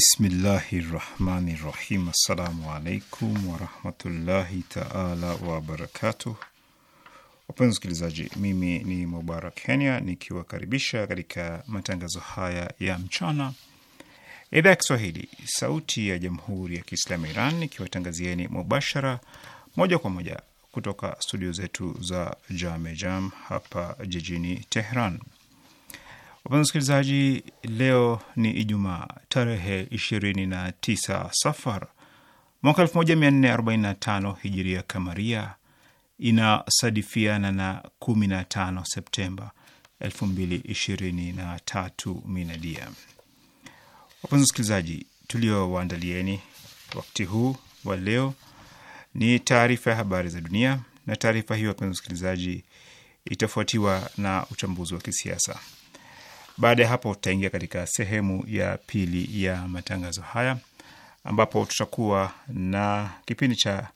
Bismillahi rahmani rahim. Assalamu alaikum warahmatullahi taala wabarakatuh. Wapenzi wasikilizaji, mimi ni Mubarak Kenya nikiwakaribisha katika matangazo haya ya mchana ya idhaa ya Kiswahili sauti ya jamhuri ya Kiislamu ya Iran nikiwatangazieni mubashara moja kwa moja kutoka studio zetu za Jamejam hapa jijini Tehran. Wapenzi wasikilizaji, leo ni Ijumaa tarehe 29 Safar mwaka 1445 hijiria kamaria, inasadifiana na 15 Septemba 2023 minadia. Wapenzi wasikilizaji, tuliowaandalieni wakati huu wa leo ni taarifa ya habari za dunia, na taarifa hiyo wapenzi wasikilizaji, itafuatiwa na uchambuzi wa kisiasa. Baada ya hapo tutaingia katika sehemu ya pili ya matangazo haya ambapo tutakuwa na kipindi cha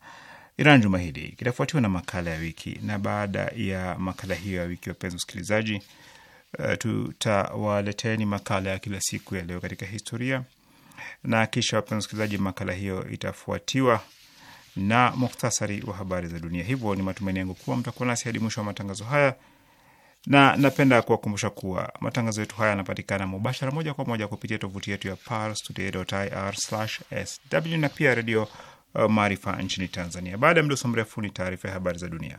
Iran juma hili, kitafuatiwa na makala ya wiki, na baada ya makala hiyo ya wiki, wapenzi wasikilizaji, uh, tutawaleteni makala ya kila siku ya leo katika historia, na kisha wapenzi wasikilizaji, makala hiyo itafuatiwa na muhtasari wa habari za dunia. Hivyo ni matumaini yangu kuwa mtakuwa nasi hadi mwisho wa matangazo haya na napenda kuwakumbusha kuwa matangazo yetu haya yanapatikana mubashara moja kwa moja kupitia tovuti yetu ya parstoday.ir/sw na pia redio uh, Maarifa nchini Tanzania. Baada ya mdoso mrefu ni taarifa ya habari za dunia.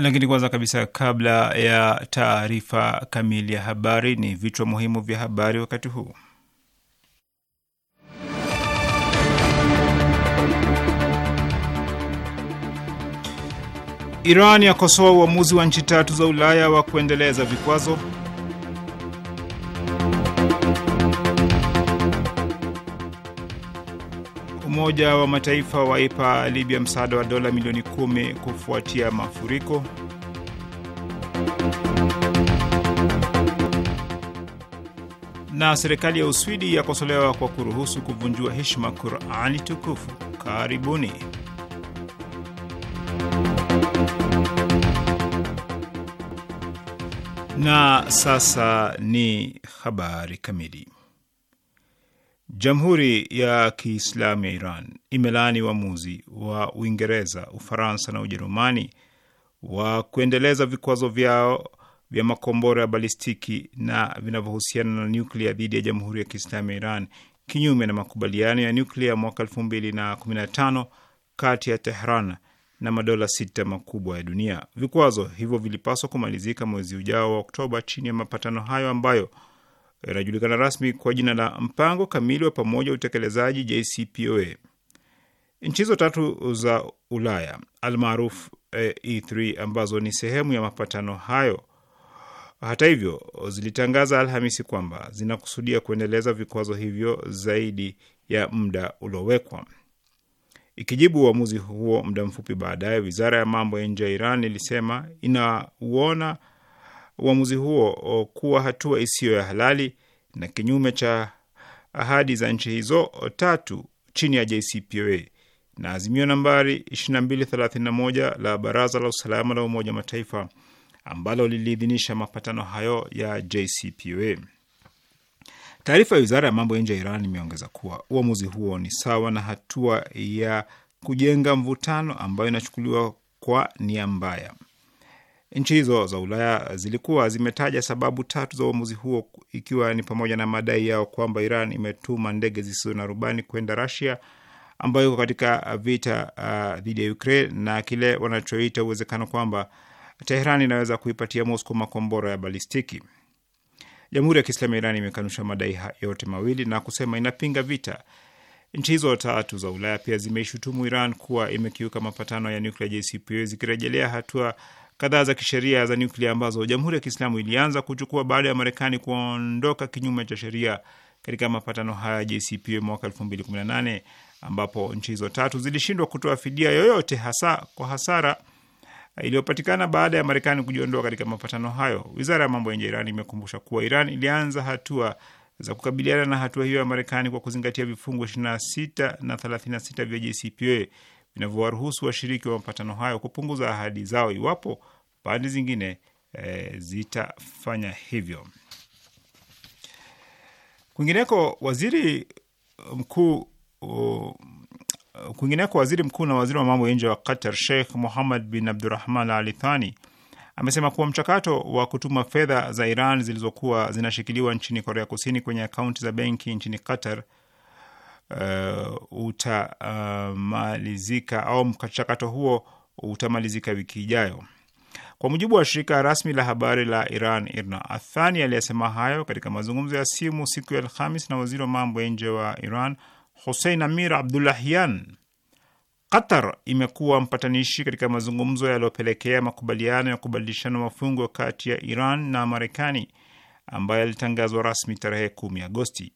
Lakini kwanza kabisa, kabla ya taarifa kamili ya habari, ni vichwa muhimu vya habari wakati huu. Iran yakosoa uamuzi wa nchi tatu za Ulaya wa kuendeleza vikwazo. Umoja wa Mataifa waipa Libya msaada wa dola milioni kumi kufuatia mafuriko. Na serikali ya Uswidi yakosolewa kwa kuruhusu kuvunjua heshima Qurani tukufu. Karibuni. Na sasa ni habari kamili. Jamhuri ya Kiislamu ya Iran imelaani uamuzi wa Uingereza, Ufaransa na Ujerumani wa kuendeleza vikwazo vyao vya makombora ya balistiki na vinavyohusiana na nyuklia dhidi ya Jamhuri ya Kiislamu ya Iran kinyume na makubaliano ya nyuklia mwaka elfu mbili na kumi na tano kati ya Tehran na madola sita makubwa ya dunia. Vikwazo hivyo vilipaswa kumalizika mwezi ujao wa Oktoba chini ya mapatano hayo ambayo inajulikana rasmi kwa jina la mpango kamili wa pamoja wa utekelezaji JCPOA. Nchi hizo tatu za Ulaya almaaruf E3 eh, e ambazo ni sehemu ya mapatano hayo, hata hivyo, zilitangaza Alhamisi kwamba zinakusudia kuendeleza vikwazo hivyo zaidi ya muda uliowekwa. Ikijibu uamuzi huo muda mfupi baadaye, wizara ya mambo ya nje ya Iran ilisema inauona uamuzi huo kuwa hatua isiyo ya halali na kinyume cha ahadi za nchi hizo tatu chini ya JCPOA na azimio nambari 2231 la Baraza la Usalama la Umoja wa Mataifa ambalo liliidhinisha mapatano hayo ya JCPOA. Taarifa ya wizara ya mambo ya nje ya Iran imeongeza kuwa uamuzi huo ni sawa na hatua ya kujenga mvutano ambayo inachukuliwa kwa nia mbaya. Nchi hizo za Ulaya zilikuwa zimetaja sababu tatu za uamuzi huo, ikiwa ni pamoja na madai yao kwamba Iran imetuma ndege zisizo na rubani kwenda Rasia ambayo iko katika vita uh, dhidi ya Ukraine na kile wanachoita uwezekano kwamba Tehran inaweza kuipatia Moscow makombora ya balistiki. Jamhuri ya Kiislamu ya Iran imekanusha madai yote mawili na kusema inapinga vita. Nchi hizo tatu za Ulaya pia zimeishutumu Iran kuwa imekiuka mapatano ya nuklia JCPOA, zikirejelea hatua kadhaa za kisheria za nyuklia ambazo Jamhuri ya Kiislamu ilianza kuchukua baada ya Marekani kuondoka kinyume cha sheria katika mapatano haya ya JCPOA mwaka 2018 ambapo nchi hizo tatu zilishindwa kutoa fidia yoyote hasa kwa hasara iliyopatikana baada ya Marekani kujiondoa katika mapatano hayo. Wizara ya mambo ya nje Iran imekumbusha kuwa Iran ilianza hatua za kukabiliana na hatua hiyo ya Marekani kwa kuzingatia vifungu 26 na 36 vya JCPOA vinavyowaruhusu washiriki wa mapatano hayo kupunguza ahadi zao iwapo pande zingine e, zitafanya hivyo. Kwingineko, waziri mkuu kwingineko waziri mkuu na waziri wa mambo ya nje wa Qatar Sheikh Muhammad bin Abdurahman Al Thani amesema kuwa mchakato wa kutuma fedha za Iran zilizokuwa zinashikiliwa nchini Korea Kusini kwenye akaunti za benki nchini Qatar uh, utamalizika au mchakato huo utamalizika wiki ijayo, kwa mujibu wa shirika rasmi la habari la Iran IRNA. Athani aliyesema hayo katika mazungumzo ya simu siku ya Alhamis na waziri wa mambo ya nje wa Iran Hussein Amir Abdullahian. Qatar imekuwa mpatanishi katika mazungumzo yaliyopelekea makubaliano ya kubadilishana mafungo kati ya Iran na Marekani ambayo yalitangazwa rasmi tarehe 10 Agosti.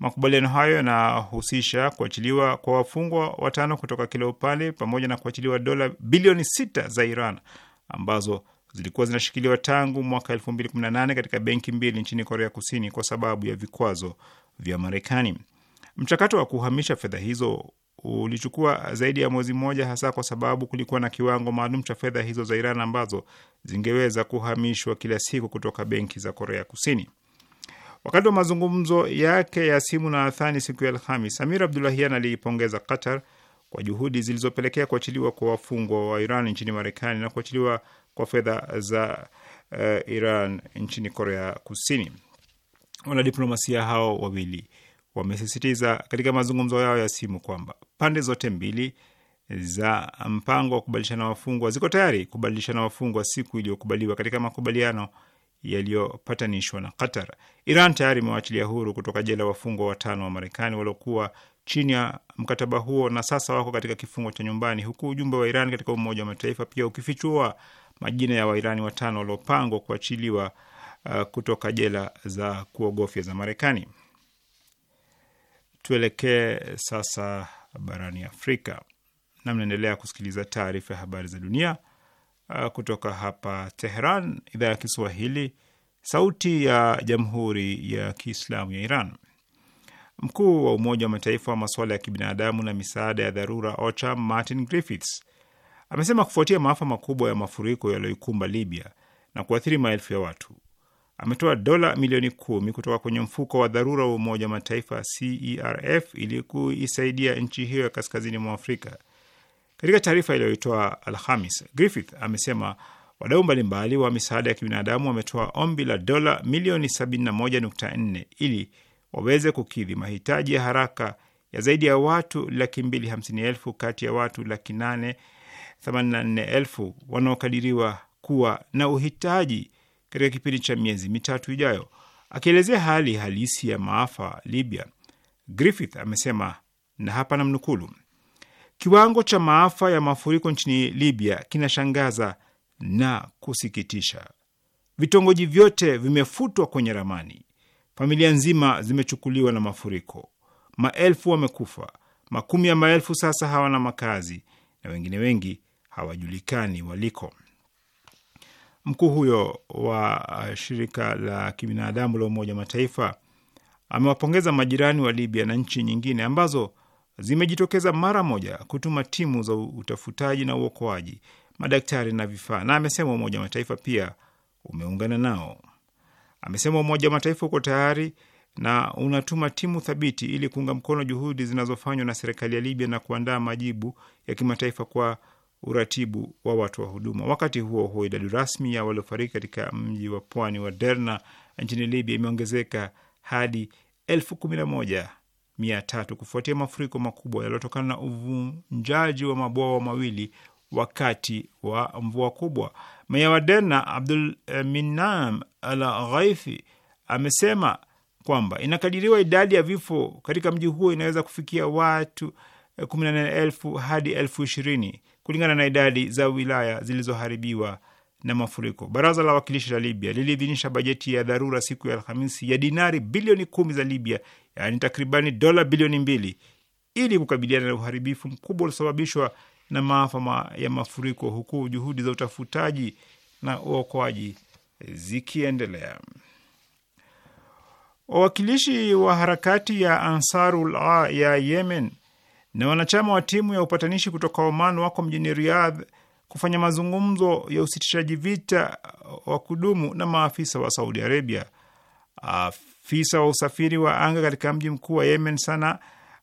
Makubaliano hayo yanahusisha kuachiliwa kwa wafungwa watano kutoka kila upande pamoja na kuachiliwa dola bilioni sita za Iran ambazo zilikuwa zinashikiliwa tangu mwaka 2018 katika benki mbili nchini Korea Kusini kwa sababu ya vikwazo vya Marekani. Mchakato wa kuhamisha fedha hizo ulichukua zaidi ya mwezi mmoja, hasa kwa sababu kulikuwa na kiwango maalum cha fedha hizo za Iran ambazo zingeweza kuhamishwa kila siku kutoka benki za Korea Kusini. Wakati wa mazungumzo yake ya simu na Athani siku ya Alhamis, Samir Abdulahian aliipongeza Qatar kwa juhudi zilizopelekea kuachiliwa kwa wafungwa wa Iran nchini Marekani na kuachiliwa kwa fedha za uh, Iran nchini Korea Kusini. Wanadiplomasia hao wawili wamesisitiza katika mazungumzo yao ya simu kwamba pande zote mbili za mpango wa kubadilishana wafungwa ziko tayari kubadilishana wafungwa siku iliyokubaliwa katika makubaliano yaliyopatanishwa na Qatar. Iran tayari imewaachilia huru kutoka jela wafungwa watano wa Marekani waliokuwa chini ya mkataba huo na sasa wako katika kifungo cha nyumbani, huku ujumbe wa Iran katika Umoja wa Mataifa pia ukifichua majina ya Wairani watano waliopangwa kuachiliwa uh, kutoka jela za kuogofya za Marekani. Tuelekee sasa barani Afrika na mnaendelea kusikiliza taarifa ya habari za dunia Uh, kutoka hapa Teheran, idhaa ya Kiswahili, sauti ya jamhuri ya kiislamu ya Iran. Mkuu wa Umoja wa Mataifa wa masuala ya kibinadamu na misaada ya dharura OCHA Martin Griffiths amesema kufuatia maafa makubwa ya mafuriko yaliyoikumba Libya na kuathiri maelfu ya watu, ametoa dola milioni kumi kutoka kwenye mfuko wa dharura wa Umoja wa Mataifa CERF ili kuisaidia nchi hiyo ya kaskazini mwa Afrika. Katika taarifa iliyoitoa Alhamis, Griffith amesema wadau mbalimbali wa misaada ya kibinadamu wametoa ombi la dola milioni 71.4 ili waweze kukidhi mahitaji ya haraka ya zaidi ya watu laki mbili hamsini elfu kati ya watu laki nane themanini na nne elfu wanaokadiriwa kuwa na uhitaji katika kipindi cha miezi mitatu ijayo. Akielezea hali halisi ya maafa Libya, Griffith amesema na hapa namnukulu: Kiwango cha maafa ya mafuriko nchini Libya kinashangaza na kusikitisha. Vitongoji vyote vimefutwa kwenye ramani, familia nzima zimechukuliwa na mafuriko, maelfu wamekufa, makumi ya maelfu sasa hawana makazi na wengine wengi hawajulikani waliko. Mkuu huyo wa shirika la kibinadamu la Umoja wa Mataifa amewapongeza majirani wa Libya na nchi nyingine ambazo zimejitokeza mara moja kutuma timu za utafutaji na uokoaji, madaktari na vifaa, na amesema Umoja wa Mataifa pia umeungana nao. Amesema Umoja wa Mataifa uko tayari na unatuma timu thabiti ili kuunga mkono juhudi zinazofanywa na serikali ya Libya na kuandaa majibu ya kimataifa kwa uratibu wa watu wa huduma. Wakati huo huo, idadi rasmi ya waliofariki katika mji wa pwani wa Derna nchini Libya imeongezeka hadi elfu kumi na moja mia tatu kufuatia mafuriko makubwa yaliyotokana na uvunjaji wa mabwawa mawili wakati wa mvua kubwa. Meya wa Derna Abdul eh, Minam Al Ghaifi amesema kwamba inakadiriwa idadi ya vifo katika mji huo inaweza kufikia watu elfu eh, kumi na nane hadi elfu ishirini kulingana na idadi za wilaya zilizoharibiwa na mafuriko. Baraza la wawakilishi la Libya liliidhinisha bajeti ya dharura siku ya Alhamisi ya dinari bilioni kumi za Libya, yaani takribani dola bilioni mbili ili kukabiliana na uharibifu mkubwa uliosababishwa na maafa ma ya mafuriko, huku juhudi za utafutaji na uokoaji zikiendelea. Wawakilishi wa harakati ya Ansarul ya Yemen na wanachama wa timu ya upatanishi kutoka Oman wako mjini Riyadh kufanya mazungumzo ya usitishaji vita uh, wa kudumu na maafisa wa Saudi Arabia. Afisa wa usafiri wa anga katika mji mkuu wa Yemen, Sana,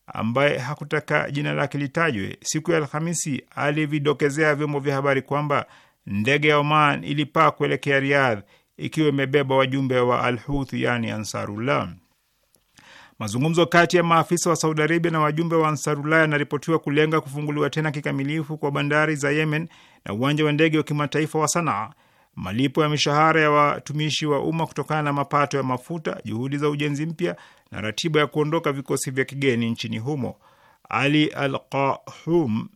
ambaye hakutaka jina lake litajwe, siku ya Alhamisi alividokezea vyombo vya habari kwamba ndege ya Oman ilipaa kuelekea Riyadh ikiwa imebeba wajumbe wa Al yani Ansarullah. Mazungumzo kati ya maafisa wa Saudi Arabia na wajumbe wa Ansarullah yanaripotiwa kulenga kufunguliwa tena kikamilifu kwa bandari za Yemen na uwanja wa ndege wa kimataifa wa Sanaa, malipo ya mishahara ya watumishi wa umma kutokana na mapato ya mafuta, juhudi za ujenzi mpya na ratiba ya kuondoka vikosi vya kigeni nchini humo. Ali Al-Qahum,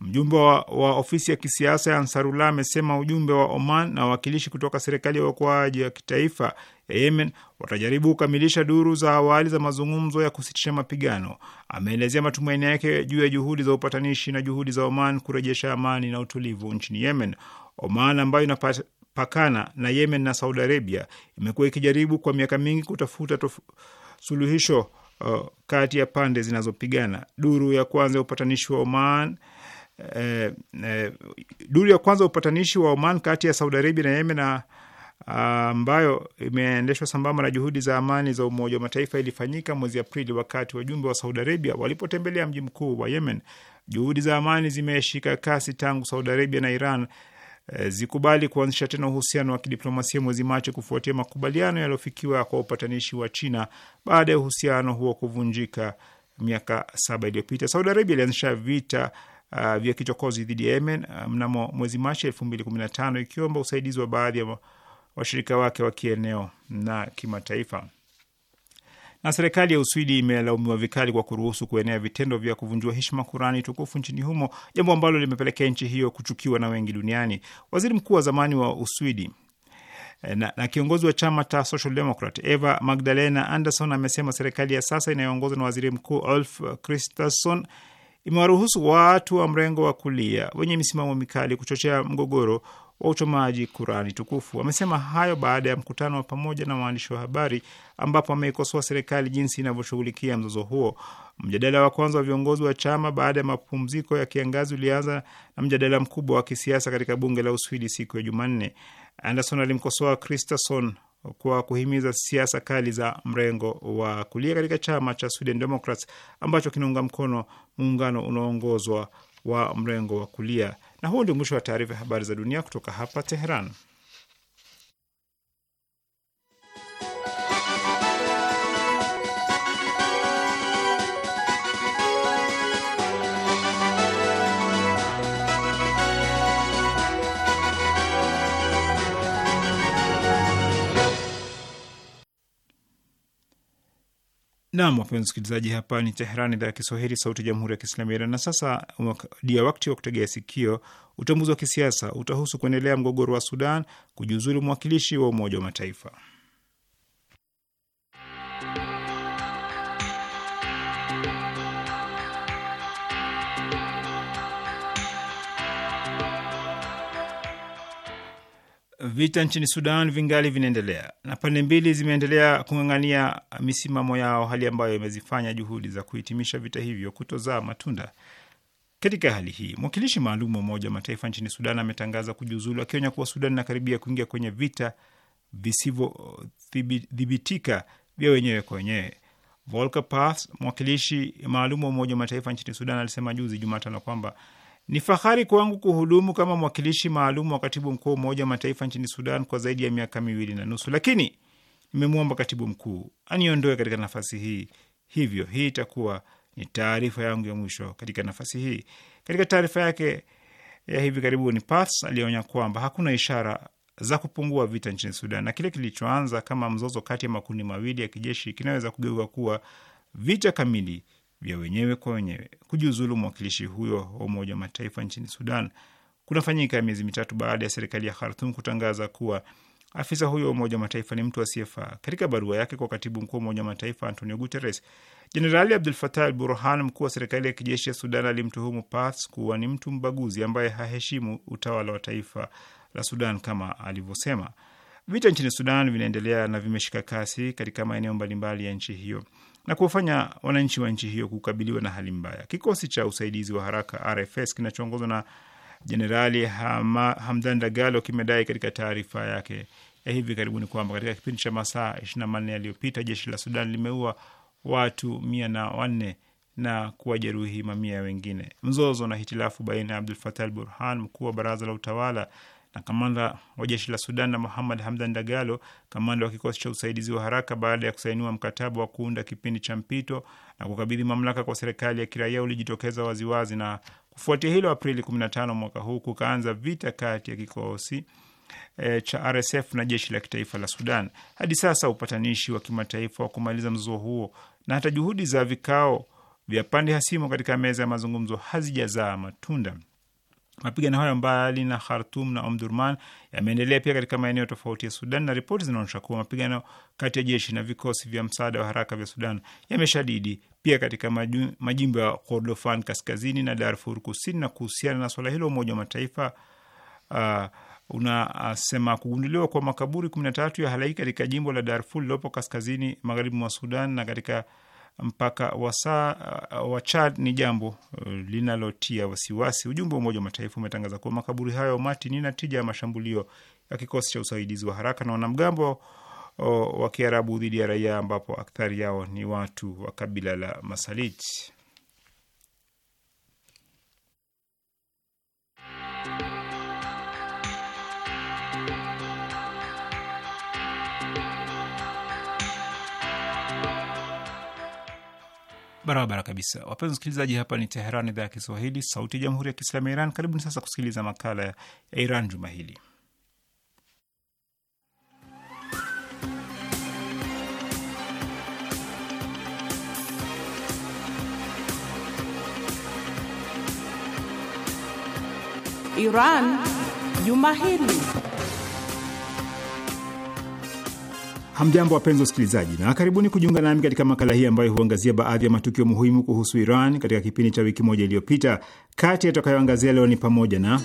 mjumbe wa, wa ofisi ya kisiasa ya Ansarullah, amesema ujumbe wa Oman na wawakilishi kutoka serikali ya uokoaji ya kitaifa ya Yemen watajaribu kukamilisha duru za awali za mazungumzo ya kusitisha mapigano. Ameelezea matumaini yake juu ya juhudi za upatanishi na juhudi za Oman kurejesha amani na utulivu nchini Yemen. Oman ambayo inapakana na Yemen na Saudi Arabia imekuwa ikijaribu kwa miaka mingi kutafuta tof... suluhisho uh, kati ya pande zinazopigana. Duru ya kwanza ya upatanishi wa Oman eh, eh, duru ya kwanza ya upatanishi wa Oman kati ya Saudi Arabia na Yemen na ambayo imeendeshwa sambamba na juhudi za amani za Umoja wa Mataifa ilifanyika mwezi Aprili wakati wajumbe wa Saudi Arabia walipotembelea mji mkuu wa Yemen. Juhudi za amani zimeshika kasi tangu Saudi Arabia na Iran eh, zikubali kuanzisha tena uhusiano wa kidiplomasia mwezi Machi kufuatia makubaliano yaliyofikiwa kwa upatanishi wa China baada ya uhusiano huo kuvunjika miaka saba iliyopita. Saudi Arabia ilianzisha vita uh, vya kichokozi dhidi ya Yemen uh, mnamo mwezi Machi elfu mbili kumi na tano ikiomba usaidizi wa baadhi ya washirika wake wa kieneo na kimataifa. Na serikali ya Uswidi imelaumiwa vikali kwa kuruhusu kuenea vitendo vya kuvunjia heshima Kurani tukufu nchini humo, jambo ambalo limepelekea nchi hiyo kuchukiwa na wengi duniani. Waziri mkuu wa zamani wa Uswidi eh, na, na kiongozi wa chama cha Social Democrat Eva Magdalena Anderson amesema serikali ya sasa inayoongozwa na waziri mkuu Ulf Kristersson imewaruhusu watu wa mrengo wa kulia wenye misimamo mikali kuchochea mgogoro wa uchomaji Kurani tukufu. Amesema hayo baada ya mkutano wa pamoja na waandishi wa habari ambapo ameikosoa serikali jinsi inavyoshughulikia mzozo huo. Mjadala wa kwanza wa viongozi wa chama baada ya mapumziko ya kiangazi ulianza na mjadala mkubwa wa kisiasa katika bunge la Uswidi siku ya Jumanne. Anderson alimkosoa Kristersson kwa kuhimiza siasa kali za mrengo wa kulia katika chama cha Sweden Democrats ambacho kinaunga mkono muungano unaoongozwa wa mrengo wa kulia. Na huo ndio mwisho wa taarifa ya habari za dunia kutoka hapa Teheran. Nam, wapenzi msikilizaji, hapa ni Teherani, idhaa ya Kiswahili, sauti ya jamhuri ya kiislamu ya Iran. Na sasa dia wakati wa kutegea sikio. Uchambuzi wa kisiasa utahusu kuendelea mgogoro wa Sudan, kujiuzulu mwakilishi wa Umoja wa Mataifa. vita nchini Sudan vingali vinaendelea na pande mbili zimeendelea kung'ang'ania misimamo yao, hali ambayo imezifanya juhudi za kuhitimisha vita hivyo kutozaa matunda. Katika hali hii, mwakilishi maalum wa Umoja wa Mataifa nchini Sudan ametangaza kujiuzulu, akionya kuwa Sudan inakaribia kuingia kwenye vita visivyodhibitika vya wenyewe kwa wenyewe. Volker Perthes, mwakilishi maalum wa Umoja wa Mataifa nchini Sudan, alisema juzi Jumatano kwamba ni fahari kwangu kuhudumu kama mwakilishi maalum wa katibu mkuu wa Umoja wa Mataifa nchini Sudan kwa zaidi ya miaka miwili na nusu, lakini nimemwomba katibu mkuu aniondoe katika nafasi hii. Hivyo hii itakuwa ni taarifa yangu ya mwisho katika nafasi hii. Katika taarifa yake ya hivi karibuni, Pars alionya kwamba hakuna ishara za kupungua vita nchini Sudan na kile kilichoanza kama mzozo kati ya makundi mawili ya kijeshi kinaweza kugeuka kuwa vita kamili vya wenyewe kwa wenyewe. Kujiuzulu mwakilishi huyo wa Umoja wa Mataifa nchini Sudan kunafanyika miezi mitatu baada ya serikali ya Khartum kutangaza kuwa afisa huyo wa Umoja wa Mataifa ni mtu asiyefaa. Katika barua yake kwa katibu mkuu wa Umoja wa Mataifa Antonio Guterres, Jenerali Abdul Fatah Al Burhan, mkuu wa serikali ya kijeshi ya Sudan, alimtuhumu Pats kuwa ni mtu mbaguzi ambaye haheshimu utawala wa taifa la Sudan kama alivyosema. Vita nchini Sudan vinaendelea na vimeshika kasi katika maeneo mbalimbali ya nchi hiyo na kuwafanya wananchi wa nchi hiyo kukabiliwa na hali mbaya. Kikosi cha usaidizi wa haraka RFS kinachoongozwa na Jenerali Hamdan Dagalo kimedai katika taarifa yake ya hivi karibuni kwamba katika kipindi cha masaa 24 yaliyopita jeshi la Sudan limeua watu mia na wanne na kuwajeruhi mamia wengine. Mzozo na hitilafu baina ya Abdul Fatah al Burhan, mkuu wa baraza la utawala na kamanda wa jeshi la Sudan na Muhammad Hamdan Dagalo, kamanda wa kikosi cha usaidizi wa haraka, baada ya kusainiwa mkataba wa kuunda kipindi cha mpito na kukabidhi mamlaka kwa serikali ya kiraia ulijitokeza waziwazi, na kufuatia hilo, Aprili 15 mwaka huu kukaanza vita kati ya kikosi e, cha RSF na jeshi la kitaifa la Sudan. Hadi sasa upatanishi wa kimataifa wa kumaliza mzozo huo na hata juhudi za vikao vya pande hasimu katika meza ya mazungumzo hazijazaa matunda. Mapigano hayo mbali na Khartum na Omdurman yameendelea pia katika maeneo tofauti ya Sudan, na ripoti zinaonyesha kuwa mapigano kati ya jeshi na vikosi vya msaada wa haraka vya Sudan yameshadidi pia katika majimbo ya Kordofan kaskazini na Darfur kusini. Na kuhusiana na swala hilo, Umoja wa Mataifa uh, unasema kugunduliwa kwa makaburi 13 ya halaiki katika jimbo la Darfur lilopo kaskazini magharibi mwa Sudan na katika mpaka wa saa uh, wa Chad ni jambo uh, linalotia wasiwasi. Ujumbe wa Umoja wa Mataifa umetangaza kuwa makaburi hayo ya umati ni natija ya mashambulio ya kikosi cha usaidizi wa haraka na wanamgambo uh, wa Kiarabu dhidi ya raia, ambapo akthari yao ni watu wa kabila la Masalit. Barabara kabisa, wapenzi wasikilizaji, hapa ni Teheran, idhaa ya Kiswahili, sauti ya jamhuri ya kiislamu ya Iran. Karibuni sasa kusikiliza makala ya Iran juma hili. Iran juma hili Hamjambo, wapenzi wasikilizaji, na karibuni kujiunga nami katika makala hii ambayo huangazia baadhi ya matukio muhimu kuhusu Iran katika kipindi cha wiki moja iliyopita. Kati yatakayoangazia leo ni pamoja na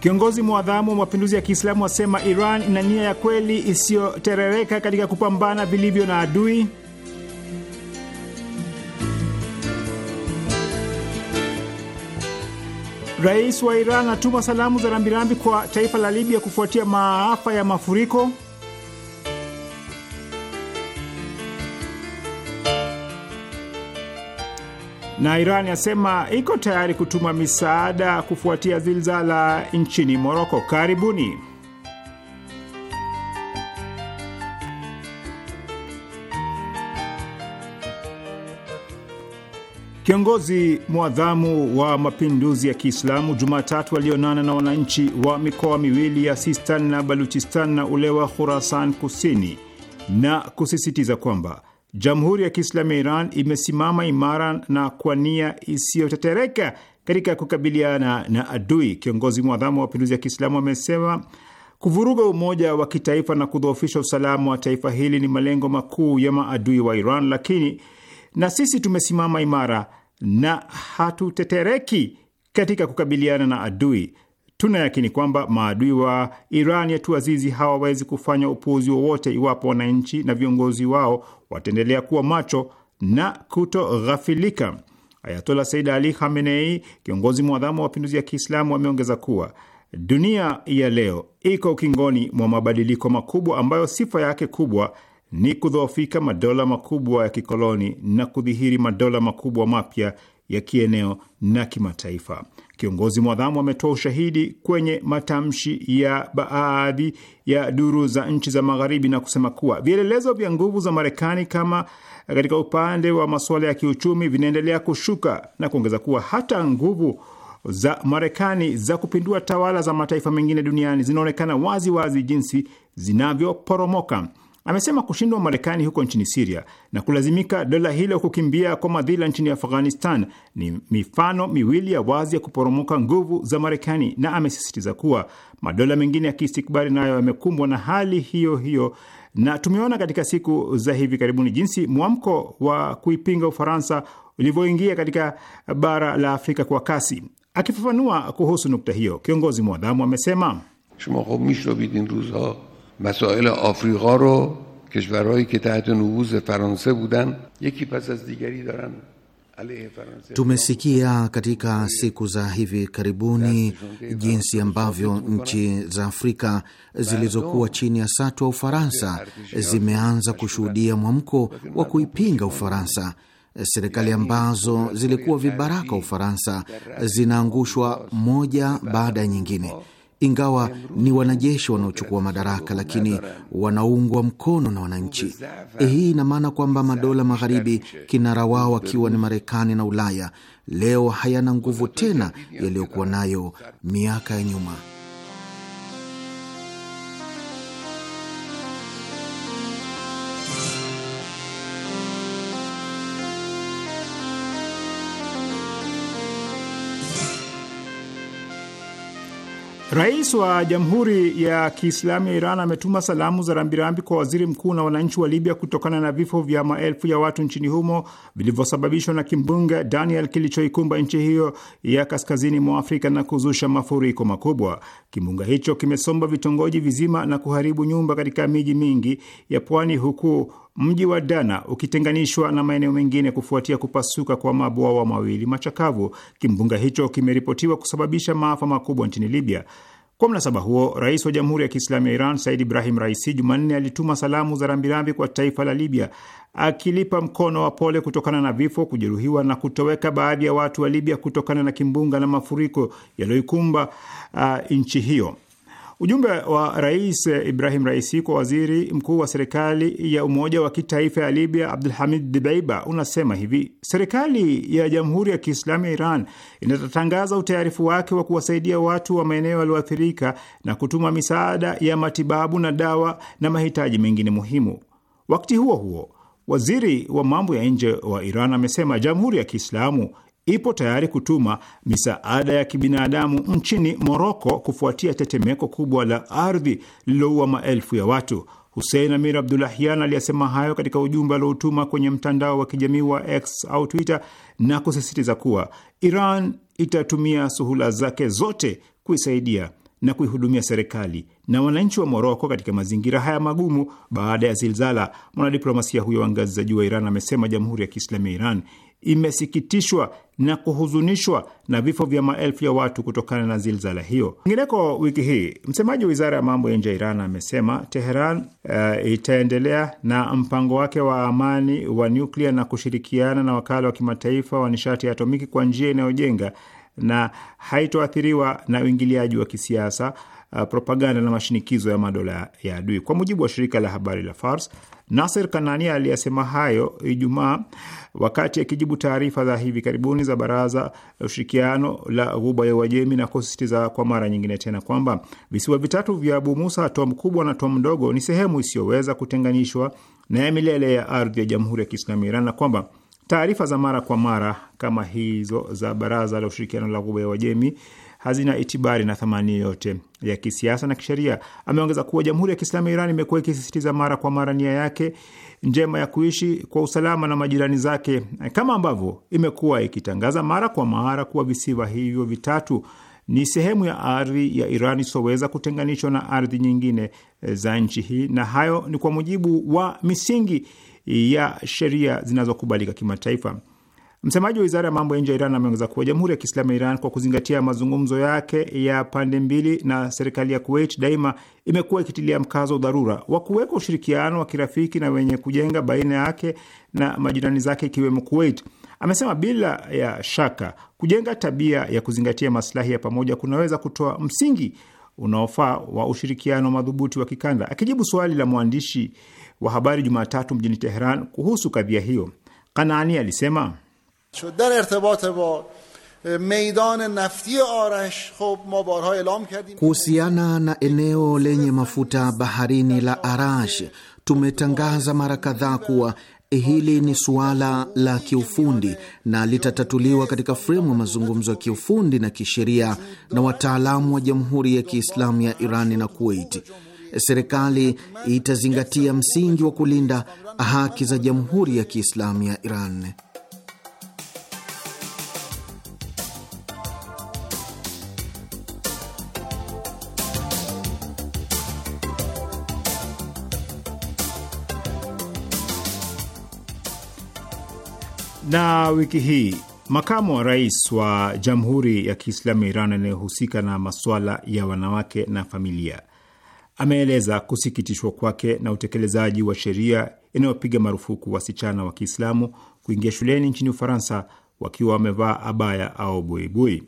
Kiongozi mwadhamu wa mapinduzi ya Kiislamu asema Iran ina nia ya kweli isiyoterereka katika kupambana vilivyo na adui. Rais wa Iran atuma salamu za rambirambi kwa taifa la Libya kufuatia maafa ya mafuriko. Na Iran yasema iko tayari kutuma misaada kufuatia zilzala nchini Moroko. Karibuni. Kiongozi mwadhamu wa mapinduzi ya Kiislamu Jumatatu alionana na wananchi wa mikoa miwili ya Sistan na Baluchistan na ule wa Khurasan Kusini na kusisitiza kwamba Jamhuri ya Kiislamu ya Iran imesimama imara na kwa nia isiyotetereka katika kukabiliana na adui. Kiongozi mwadhamu wa mapinduzi ya Kiislamu amesema kuvuruga umoja wa kitaifa na kudhoofisha usalama wa taifa hili ni malengo makuu ya maadui wa Iran, lakini na sisi tumesimama imara na hatutetereki katika kukabiliana na adui. Tunayakini kwamba maadui wa Iran yetu azizi hawawezi kufanya upuuzi wowote iwapo wananchi na viongozi wao wataendelea kuwa macho na kutoghafilika. Ayatola Said Ali Khamenei, kiongozi mwadhamu wa mapinduzi ya Kiislamu, ameongeza kuwa dunia ya leo iko ukingoni mwa mabadiliko makubwa ambayo sifa yake kubwa ni kudhoofika madola makubwa ya kikoloni na kudhihiri madola makubwa mapya ya kieneo na kimataifa. Kiongozi mwadhamu ametoa ushahidi kwenye matamshi ya baadhi ya duru za nchi za Magharibi na kusema kuwa vielelezo vya nguvu za Marekani kama katika upande wa masuala ya kiuchumi vinaendelea kushuka na kuongeza kuwa hata nguvu za Marekani za kupindua tawala za mataifa mengine duniani zinaonekana wazi wazi jinsi zinavyoporomoka. Amesema kushindwa Marekani huko nchini Siria na kulazimika dola hilo kukimbia kwa madhila nchini Afghanistan ni mifano miwili ya wazi ya kuporomoka nguvu za Marekani, na amesisitiza kuwa madola mengine ya kiistikbari nayo yamekumbwa na hali hiyo hiyo, na tumeona katika siku za hivi karibuni jinsi mwamko wa kuipinga Ufaransa ulivyoingia katika bara la Afrika kwa kasi. Akifafanua kuhusu nukta hiyo, kiongozi mwadhamu amesema مسائل آفریقا رو کشورهایی که تحت نفوذ فرانسه بودن یکی پس از دیگری دارن Tumesikia katika siku za hivi karibuni jinsi ambavyo nchi za Afrika zilizokuwa chini ya satwa Ufaransa zimeanza kushuhudia mwamko wa kuipinga Ufaransa. Serikali ambazo zilikuwa vibaraka Ufaransa zinaangushwa moja baada ya nyingine ingawa ni wanajeshi wanaochukua madaraka, lakini wanaungwa mkono na wananchi. Eh, hii ina maana kwamba madola magharibi, kinara wao akiwa ni Marekani na Ulaya, leo hayana nguvu tena yaliyokuwa nayo miaka ya nyuma. Rais wa Jamhuri ya Kiislamu ya Iran ametuma salamu za rambirambi kwa waziri mkuu na wananchi wa Libya kutokana na vifo vya maelfu ya watu nchini humo vilivyosababishwa na kimbunga Daniel kilichoikumba nchi hiyo ya kaskazini mwa Afrika na kuzusha mafuriko makubwa. Kimbunga hicho kimesomba vitongoji vizima na kuharibu nyumba katika miji mingi ya pwani, huku Mji wa Dana ukitenganishwa na maeneo mengine kufuatia kupasuka kwa mabwawa mawili machakavu. Kimbunga hicho kimeripotiwa kusababisha maafa makubwa nchini Libya. Kwa mnasaba huo, rais wa Jamhuri ya Kiislamu ya Iran Said Ibrahim Raisi Jumanne alituma salamu za rambirambi kwa taifa la Libya, akilipa mkono wa pole kutokana na vifo, kujeruhiwa na kutoweka baadhi ya watu wa Libya kutokana na kimbunga na mafuriko yaliyoikumba uh, nchi hiyo. Ujumbe wa Rais Ibrahim Raisi kwa waziri mkuu wa serikali ya umoja wa kitaifa ya Libya Abdulhamid Dibeiba unasema hivi: serikali ya Jamhuri ya Kiislamu ya Iran inatangaza utayarifu wake wa kuwasaidia watu wa maeneo yaliyoathirika na kutuma misaada ya matibabu na dawa na mahitaji mengine muhimu. Wakati huo huo, waziri wa mambo ya nje wa Iran amesema Jamhuri ya Kiislamu ipo tayari kutuma misaada ya kibinadamu nchini Moroko kufuatia tetemeko kubwa la ardhi lililoua maelfu ya watu. Husein Amir Abdulahyan aliyesema hayo katika ujumbe aliotuma kwenye mtandao wa kijamii wa X au Twitter na kusisitiza kuwa Iran itatumia suhula zake zote kuisaidia na kuihudumia serikali na wananchi wa Moroko katika mazingira haya magumu baada ya zilzala. Mwanadiplomasia huyo wa ngazi za juu wa Iran amesema Jamhuri ya Kiislamu ya Iran imesikitishwa na kuhuzunishwa na vifo vya maelfu ya watu kutokana na zilzala hiyo. Kwingineko wiki hii, msemaji wa wizara ya mambo ya nje ya Iran amesema Teheran uh, eh, itaendelea na mpango wake wa amani wa nyuklia na kushirikiana na wakala wa kimataifa wa nishati ya atomiki kwa njia inayojenga na haitoathiriwa na uingiliaji wa kisiasa uh, propaganda na mashinikizo ya madola ya adui. Kwa mujibu wa shirika la habari la Fars, Nasser Kanani aliyasema hayo Ijumaa wakati akijibu taarifa za hivi karibuni za Baraza la Ushirikiano la Ghuba ya Uajemi na kusisitiza kwa mara nyingine tena kwamba visiwa vitatu vya Abu Musa, Tom Kubwa na Tom Mdogo ni sehemu isiyoweza kutenganishwa na ya milele ya ardhi ya Jamhuri ya Kiislamu Iran na kwamba taarifa za mara kwa mara kama hizo za Baraza la Ushirikiano la Ghuba ya Uajemi hazina itibari na thamani yoyote ya kisiasa na kisheria. Ameongeza kuwa Jamhuri ya Kiislamu ya Iran imekuwa ikisisitiza mara kwa mara nia yake njema ya kuishi kwa usalama na majirani zake, kama ambavyo imekuwa ikitangaza mara kwa mara kuwa visiwa hivyo vitatu ni sehemu ya ardhi ya Iran isiyoweza kutenganishwa na ardhi nyingine za nchi hii, na hayo ni kwa mujibu wa misingi ya sheria zinazokubalika kimataifa. Msemaji wa wizara ya mambo ya nje ya Iran ameongeza kuwa jamhuri ya Kiislamu ya Iran, kwa kuzingatia mazungumzo yake ya pande mbili na serikali ya Kuwait, daima imekuwa ikitilia mkazo dharura wa kuweka ushirikiano wa kirafiki na wenye kujenga baina yake na majirani zake ikiwemo Kuwait. Amesema bila ya shaka kujenga tabia ya kuzingatia maslahi ya pamoja kunaweza kutoa msingi unaofaa wa ushirikiano madhubuti wa kikanda. Akijibu swali la mwandishi wa habari Jumatatu mjini Teheran kuhusu kadhia hiyo, Kanaani alisema شد در ارتباط با میدان نفتی آرش خب ما بارها اعلام کردیم kuhusiana na eneo lenye mafuta baharini la Arash tumetangaza mara kadhaa kuwa hili ni suala la kiufundi na litatatuliwa katika fremu ya mazungumzo ya kiufundi na kisheria na wataalamu wa Jamhuri ya Kiislamu ya iran na Kuwait. Serikali itazingatia msingi wa kulinda haki za Jamhuri ya Kiislamu ya Iran. Na wiki hii makamu wa rais wa Jamhuri ya Kiislamu ya Iran anayehusika na masuala ya wanawake na familia ameeleza kusikitishwa kwake na utekelezaji wa sheria inayopiga marufuku wasichana wa Kiislamu kuingia shuleni nchini Ufaransa wakiwa wamevaa abaya au buibui.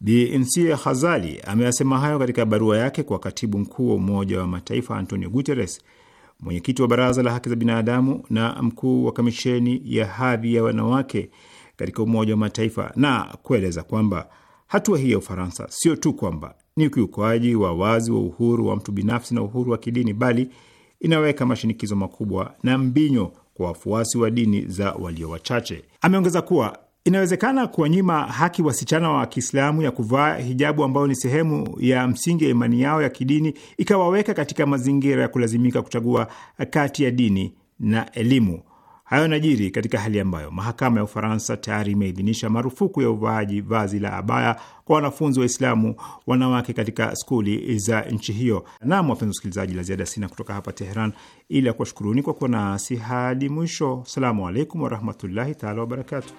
Bi hazali Khazali ameyasema hayo katika barua yake kwa katibu mkuu wa Umoja wa Mataifa Antonio Guterres mwenyekiti wa baraza la haki za binadamu na mkuu wa kamisheni ya hadhi ya wanawake katika Umoja wa Mataifa na kueleza kwamba hatua hii ya Ufaransa sio tu kwamba ni ukiukoaji wa wazi wa uhuru wa mtu binafsi na uhuru wa kidini, bali inaweka mashinikizo makubwa na mbinyo kwa wafuasi wa dini za walio wachache. Ameongeza kuwa Inawezekana kuwanyima haki wasichana wa Kiislamu ya kuvaa hijabu ambayo ni sehemu ya msingi ya imani yao ya kidini, ikawaweka katika mazingira ya kulazimika kuchagua kati ya dini na elimu. Hayo najiri katika hali ambayo mahakama ya Ufaransa tayari imeidhinisha marufuku ya uvaaji vazi la abaya kwa wanafunzi Waislamu wanawake katika skuli za nchi hiyo. Nam, wapenzi wasikilizaji, la ziada sina kutoka hapa Teheran, ili ya kuwashukuruni kwa kuwa nasi hadi mwisho. Salamu alaikum warahmatullahi taala wabarakatuh.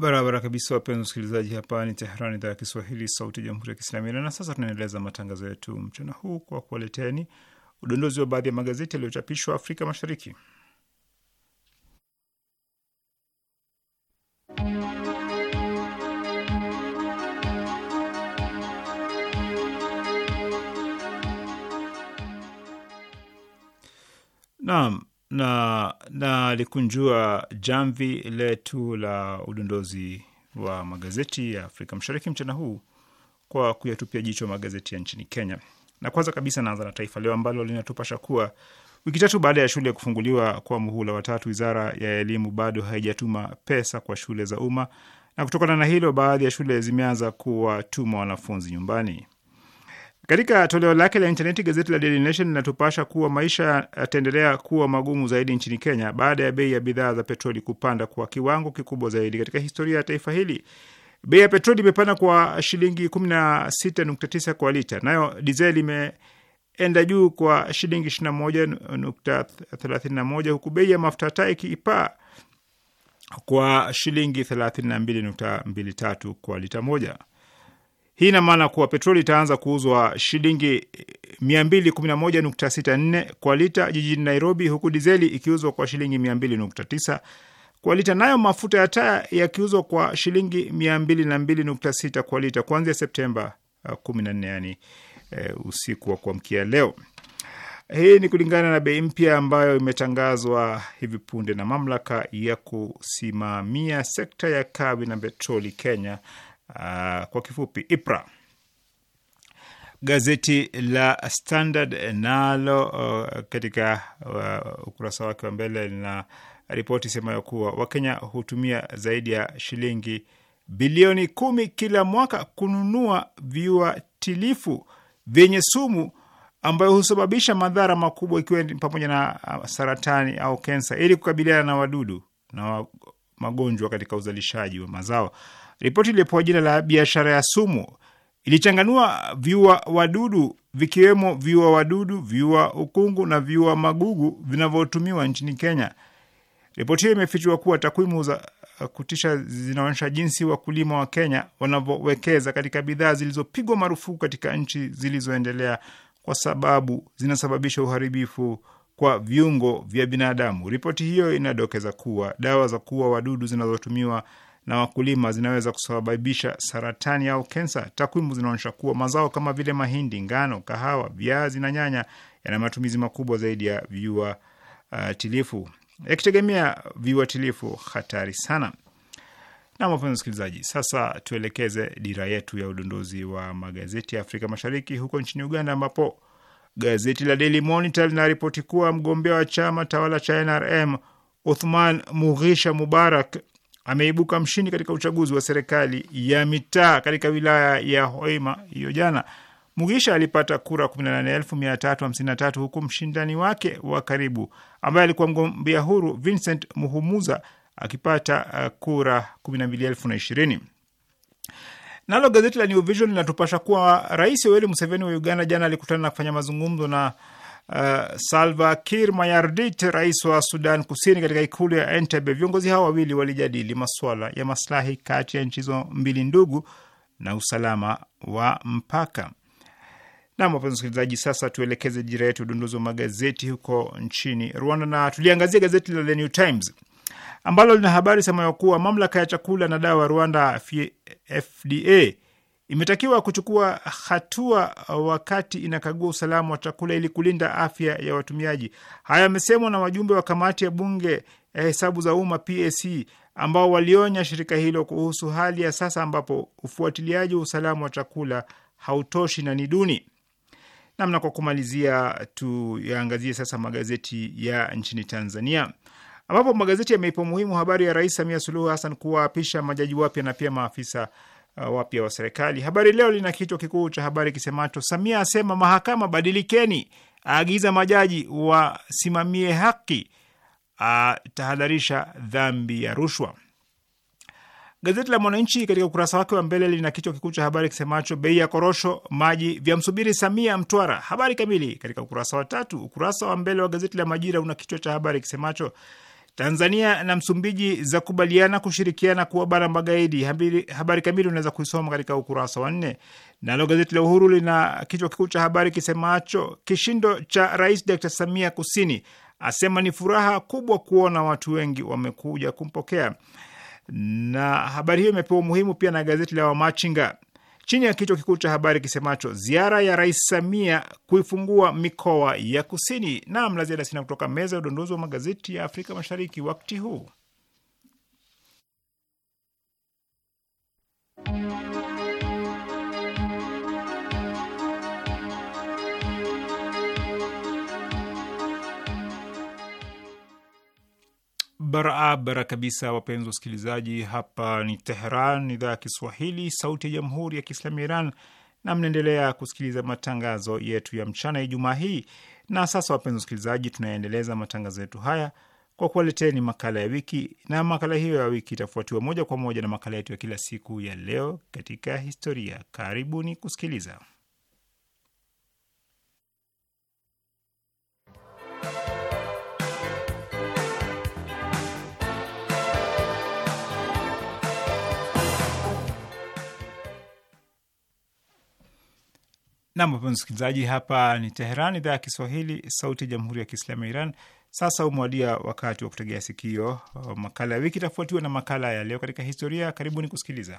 Barabara kabisa, wapenzi wasikilizaji, hapa ni Teheran, idhaa ya Kiswahili, sauti ya jamhuri ya kiislami Iran. Na sasa tunaendeleza matangazo yetu mchana huu kwa kuwaleteni udondozi wa baadhi ya magazeti yaliyochapishwa Afrika Mashariki. Naam na nalikunjua jamvi letu la udondozi wa magazeti ya Afrika Mashariki mchana huu kwa kuyatupia jicho magazeti ya nchini Kenya, na kwanza kabisa naanza na Taifa Leo ambalo linatupasha kuwa wiki tatu baada ya shule kufunguliwa kwa muhula watatu, wizara ya elimu bado haijatuma pesa kwa shule za umma, na kutokana na hilo baadhi ya shule zimeanza kuwatuma wanafunzi nyumbani. Katika toleo lake la intaneti gazeti la Daily Nation linatupasha kuwa maisha yataendelea kuwa magumu zaidi nchini Kenya baada ya bei ya bidhaa za petroli kupanda kwa kiwango kikubwa zaidi katika historia ya taifa hili. Bei ya petroli imepanda kwa shilingi 16.9 kwa lita, nayo dizeli imeenda juu kwa shilingi 21.31 huku bei ya mafuta taa ikipaa kwa shilingi 32.23 kwa lita moja. Hii ina maana kuwa petroli itaanza kuuzwa shilingi 211.64 kwa lita jijini Nairobi, huku dizeli ikiuzwa kwa shilingi 200.9 kwa lita, nayo mafuta ya taya yakiuzwa kwa shilingi 202.6 kwa lita kuanzia Septemba 14, uh, yani e, usiku wa kuamkia leo. Hii ni kulingana na bei mpya ambayo imetangazwa hivi punde na mamlaka ya kusimamia sekta ya kawi na petroli Kenya Ah, kwa kifupi IPRA. Gazeti la Standard nalo uh, katika uh, ukurasa wake wa mbele lina ripoti semayo kuwa Wakenya hutumia zaidi ya shilingi bilioni kumi kila mwaka kununua viuatilifu vyenye sumu ambayo husababisha madhara makubwa ikiwa pamoja na uh, saratani au kensa, ili kukabiliana na wadudu na magonjwa katika uzalishaji wa mazao. Ripoti iliyopewa jina la biashara ya sumu ilichanganua viua wadudu vikiwemo viua wadudu, viua ukungu na viua magugu vinavyotumiwa nchini Kenya. Ripoti hiyo imefichua kuwa takwimu za kutisha zinaonyesha jinsi wakulima wa Kenya wanavyowekeza katika bidhaa zilizopigwa marufuku katika nchi zilizoendelea kwa sababu zinasababisha uharibifu kwa viungo vya binadamu. Ripoti hiyo inadokeza kuwa dawa za kuua wadudu zinazotumiwa na wakulima zinaweza kusababisha saratani au kensa. Takwimu zinaonyesha kuwa mazao kama vile mahindi, ngano, kahawa, viazi na nyanya yana matumizi makubwa zaidi ya viuatilifu, uh, yakitegemea viuatilifu hatari sana. Na wapenzi wasikilizaji, sasa tuelekeze dira yetu ya udondozi wa magazeti ya Afrika Mashariki huko nchini Uganda, ambapo gazeti la Daily Monitor linaripoti kuwa mgombea wa chama tawala cha NRM Uthman mughisha Mubarak ameibuka mshindi katika uchaguzi wa serikali ya mitaa katika wilaya ya Hoima hiyo jana. Mugisha alipata kura 18353 huku mshindani wake wa karibu ambaye alikuwa mgombea huru Vincent Muhumuza akipata uh, kura 12020. Nalo gazeti la New Vision linatupasha kuwa Rais Yoweri Museveni wa Uganda jana alikutana na kufanya mazungumzo na Uh, Salva Kir Mayardit, rais wa Sudan Kusini, katika ikulu ya Entebbe. Viongozi hao wawili walijadili masuala ya maslahi kati ya nchi hizo mbili ndugu na usalama wa mpaka. Nam, wapenzi wasikilizaji, sasa tuelekeze jira yetu udunduzi wa magazeti huko nchini Rwanda, na tuliangazia gazeti la The New Times ambalo lina habari semayo kuwa mamlaka ya chakula na dawa Rwanda FDA imetakiwa kuchukua hatua wakati inakagua usalama wa chakula ili kulinda afya ya watumiaji. Haya yamesemwa na wajumbe wa kamati ya bunge ya eh, hesabu za umma PAC ambao walionya shirika hilo kuhusu hali ya sasa ambapo ufuatiliaji wa usalama wa chakula hautoshi na ni duni namna. Kwa kumalizia, tuyaangazie sasa magazeti ya nchini Tanzania ambapo magazeti yameipa muhimu habari ya Rais Samia Suluhu Hassan kuwaapisha majaji wapya na pia maafisa Uh, wapya wa serikali. Habari Leo lina kichwa kikuu cha habari kisemacho, Samia asema mahakama badilikeni, aagiza majaji wasimamie haki, atahadharisha dhambi ya rushwa. Gazeti la Mwananchi katika ukurasa wake wa mbele lina kichwa kikuu cha habari kisemacho bei ya korosho, maji vyamsubiri Samia Mtwara. Habari kamili katika ukurasa wa tatu. Ukurasa wa mbele wa gazeti la Majira una kichwa cha habari kisemacho Tanzania na Msumbiji za kubaliana kushirikiana kuwa bana magaidi. Habari kamili unaweza kuisoma katika ukurasa wa nne. Nalo gazeti la Uhuru lina kichwa kikuu cha habari kisemacho kishindo cha Rais Dr Samia Kusini, asema ni furaha kubwa kuona watu wengi wamekuja kumpokea. Na habari hiyo imepewa umuhimu pia na gazeti la Wamachinga chini ya kichwa kikuu cha habari kisemacho ziara ya Rais Samia kuifungua mikoa ya kusini. Naam, la ziada sina kutoka meza ya udondozi wa magazeti ya Afrika Mashariki wakati huu. barabara kabisa, wapenzi wasikilizaji. Hapa ni Teheran, idhaa ya Kiswahili, sauti ya jamhuri ya kiislamu ya Iran, na mnaendelea kusikiliza matangazo yetu ya mchana ya Ijumaa hii. Na sasa, wapenzi wasikilizaji, tunaendeleza matangazo yetu haya kwa kuwaleteni makala ya wiki, na makala hiyo ya wiki itafuatiwa moja kwa moja na makala yetu ya kila siku ya leo katika historia. Karibuni kusikiliza. Nam, wapenzi msikilizaji, hapa ni Teheran, idhaa ya Kiswahili, sauti ya jamhuri ya kiislamu ya Iran. Sasa umewadia wakati wa kutegea sikio uh, makala ya wiki, itafuatiwa na makala ya leo katika historia. Karibuni kusikiliza.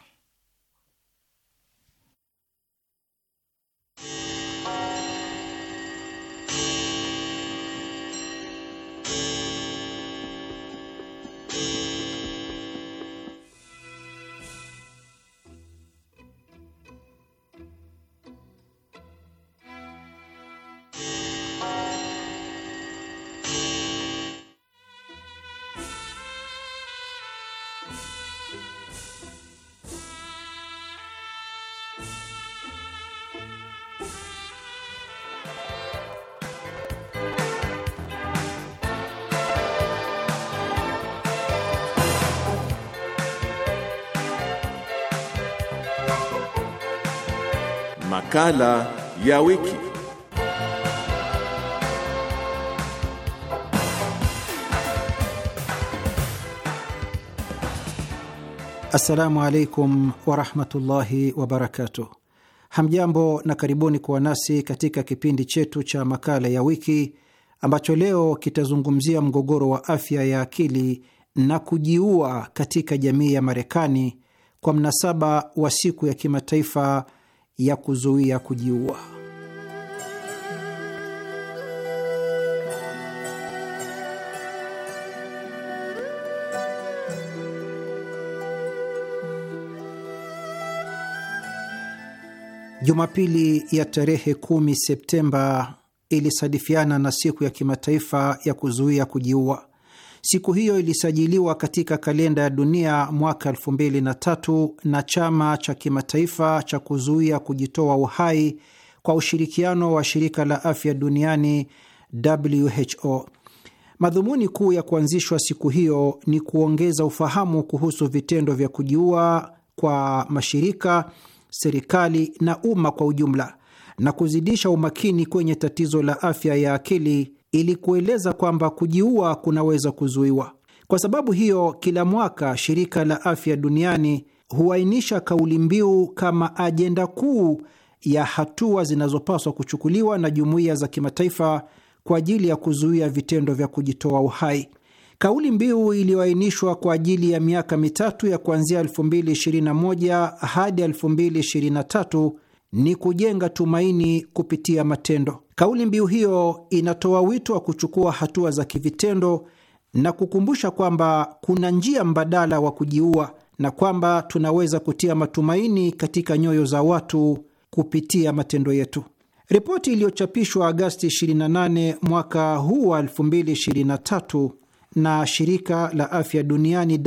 makala ya wiki. Assalamu alaikum warahmatullahi wabarakatuh. Hamjambo na karibuni kuwa nasi katika kipindi chetu cha makala ya wiki ambacho leo kitazungumzia mgogoro wa afya ya akili na kujiua katika jamii ya Marekani kwa mnasaba wa siku ya kimataifa ya kuzuia kujiua. Jumapili ya tarehe 1 Septemba ilisadifiana na siku ya kimataifa ya kuzuia kujiua. Siku hiyo ilisajiliwa katika kalenda ya dunia mwaka 2003 na chama cha kimataifa cha kuzuia kujitoa uhai kwa ushirikiano wa shirika la afya duniani WHO. Madhumuni kuu ya kuanzishwa siku hiyo ni kuongeza ufahamu kuhusu vitendo vya kujiua kwa mashirika, serikali na umma kwa ujumla na kuzidisha umakini kwenye tatizo la afya ya akili ili kueleza kwamba kujiua kunaweza kuzuiwa. Kwa sababu hiyo, kila mwaka shirika la afya duniani huainisha kauli mbiu kama ajenda kuu ya hatua zinazopaswa kuchukuliwa na jumuiya za kimataifa kwa ajili ya kuzuia vitendo vya kujitoa uhai. Kauli mbiu iliyoainishwa kwa ajili ya miaka mitatu ya kuanzia 2021 hadi ni kujenga tumaini kupitia matendo. Kauli mbiu hiyo inatoa wito wa kuchukua hatua za kivitendo na kukumbusha kwamba kuna njia mbadala wa kujiua na kwamba tunaweza kutia matumaini katika nyoyo za watu kupitia matendo yetu. Ripoti iliyochapishwa Agasti 28 mwaka huu wa 2023 na shirika la afya duniani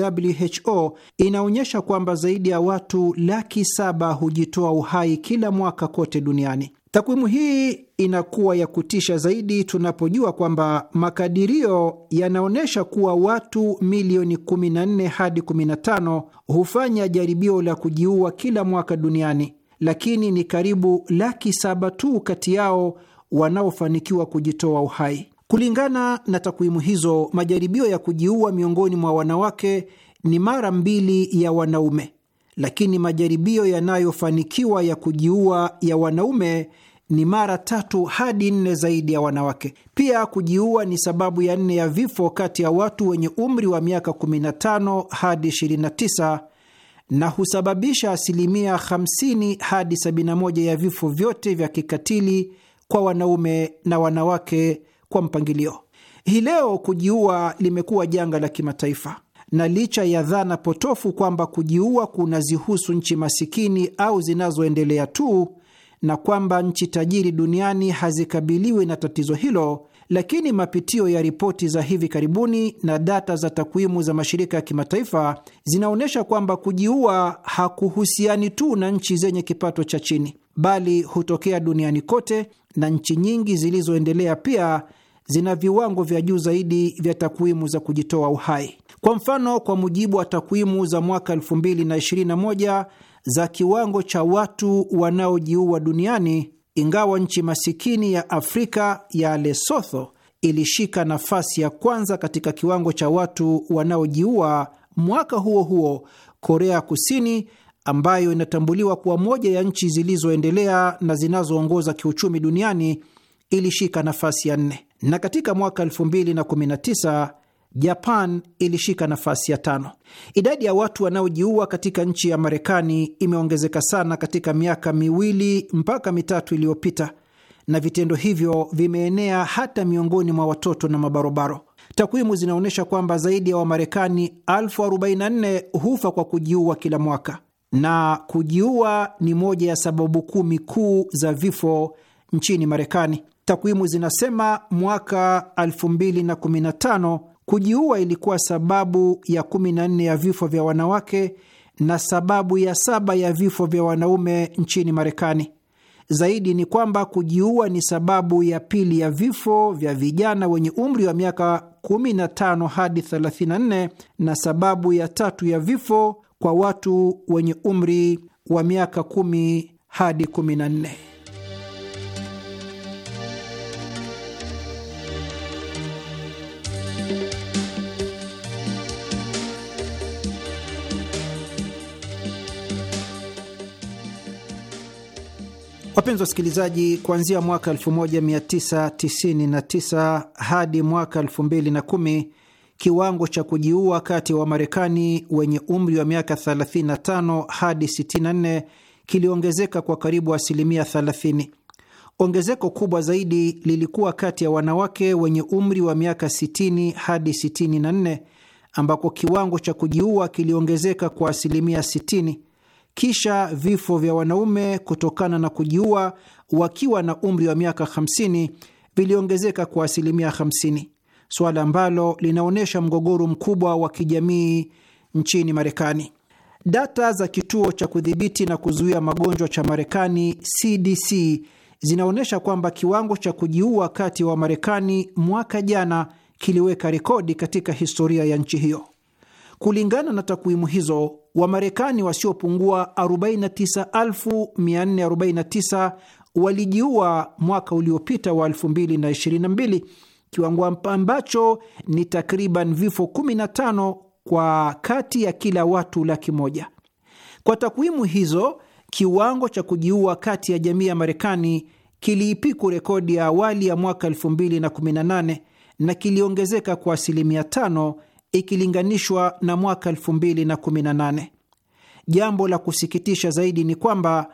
WHO inaonyesha kwamba zaidi ya watu laki saba hujitoa uhai kila mwaka kote duniani. Takwimu hii inakuwa ya kutisha zaidi tunapojua kwamba makadirio yanaonyesha kuwa watu milioni 14 hadi 15 hufanya jaribio la kujiua kila mwaka duniani, lakini ni karibu laki saba tu kati yao wanaofanikiwa kujitoa uhai. Kulingana na takwimu hizo, majaribio ya kujiua miongoni mwa wanawake ni mara mbili ya wanaume, lakini majaribio yanayofanikiwa ya kujiua ya wanaume ni mara tatu hadi nne zaidi ya wanawake. Pia kujiua ni sababu ya nne ya vifo kati ya watu wenye umri wa miaka 15 hadi 29 na husababisha asilimia 50 hadi 71 ya vifo vyote vya kikatili kwa wanaume na wanawake kwa mpangilio. Hii leo kujiua limekuwa janga la kimataifa, na licha ya dhana potofu kwamba kujiua kunazihusu nchi masikini au zinazoendelea tu na kwamba nchi tajiri duniani hazikabiliwi na tatizo hilo, lakini mapitio ya ripoti za hivi karibuni na data za takwimu za mashirika ya kimataifa zinaonyesha kwamba kujiua hakuhusiani tu na nchi zenye kipato cha chini, bali hutokea duniani kote na nchi nyingi zilizoendelea pia zina viwango vya juu zaidi vya takwimu za kujitoa uhai. Kwa mfano, kwa mujibu wa takwimu za mwaka 2021 za kiwango cha watu wanaojiua duniani, ingawa nchi masikini ya Afrika ya Lesotho ilishika nafasi ya kwanza katika kiwango cha watu wanaojiua, mwaka huo huo Korea Kusini ambayo inatambuliwa kuwa moja ya nchi zilizoendelea na zinazoongoza kiuchumi duniani ilishika nafasi ya nne na katika mwaka 2019 Japan ilishika nafasi ya tano. Idadi ya watu wanaojiua katika nchi ya Marekani imeongezeka sana katika miaka miwili mpaka mitatu iliyopita, na vitendo hivyo vimeenea hata miongoni mwa watoto na mabarobaro. Takwimu zinaonyesha kwamba zaidi ya Wamarekani 44 hufa kwa kujiua kila mwaka, na kujiua ni moja ya sababu kumi kuu za vifo nchini Marekani. Takwimu zinasema mwaka 2015 kujiua ilikuwa sababu ya 14 ya vifo vya wanawake na sababu ya saba ya vifo vya wanaume nchini Marekani. Zaidi ni kwamba kujiua ni sababu ya pili ya vifo vya vijana wenye umri wa miaka 15 hadi 34 na sababu ya tatu ya vifo kwa watu wenye umri wa miaka 10 hadi 14. Wapenzi wasikilizaji, kuanzia mwaka 1999 hadi mwaka 2010 kiwango cha kujiua kati ya Wamarekani wenye umri wa miaka 35 hadi 64 kiliongezeka kwa karibu asilimia 30. Ongezeko kubwa zaidi lilikuwa kati ya wanawake wenye umri wa miaka 60 hadi 64 ambako kiwango cha kujiua kiliongezeka kwa asilimia 60 kisha vifo vya wanaume kutokana na kujiua wakiwa na umri wa miaka 50 viliongezeka kwa asilimia 50, suala ambalo linaonyesha mgogoro mkubwa wa kijamii nchini Marekani. Data za kituo cha kudhibiti na kuzuia magonjwa cha Marekani CDC zinaonyesha kwamba kiwango cha kujiua kati wa Marekani mwaka jana kiliweka rekodi katika historia ya nchi hiyo. Kulingana na takwimu hizo, Wamarekani wasiopungua 49449 walijiua mwaka uliopita wa 2022, kiwango ambacho ni takriban vifo 15 kwa kati ya kila watu laki moja. Kwa takwimu hizo, kiwango cha kujiua kati ya jamii ya Marekani kiliipiku rekodi ya awali ya mwaka 2018 na kiliongezeka kwa asilimia tano ikilinganishwa na mwaka 2018. Jambo la kusikitisha zaidi ni kwamba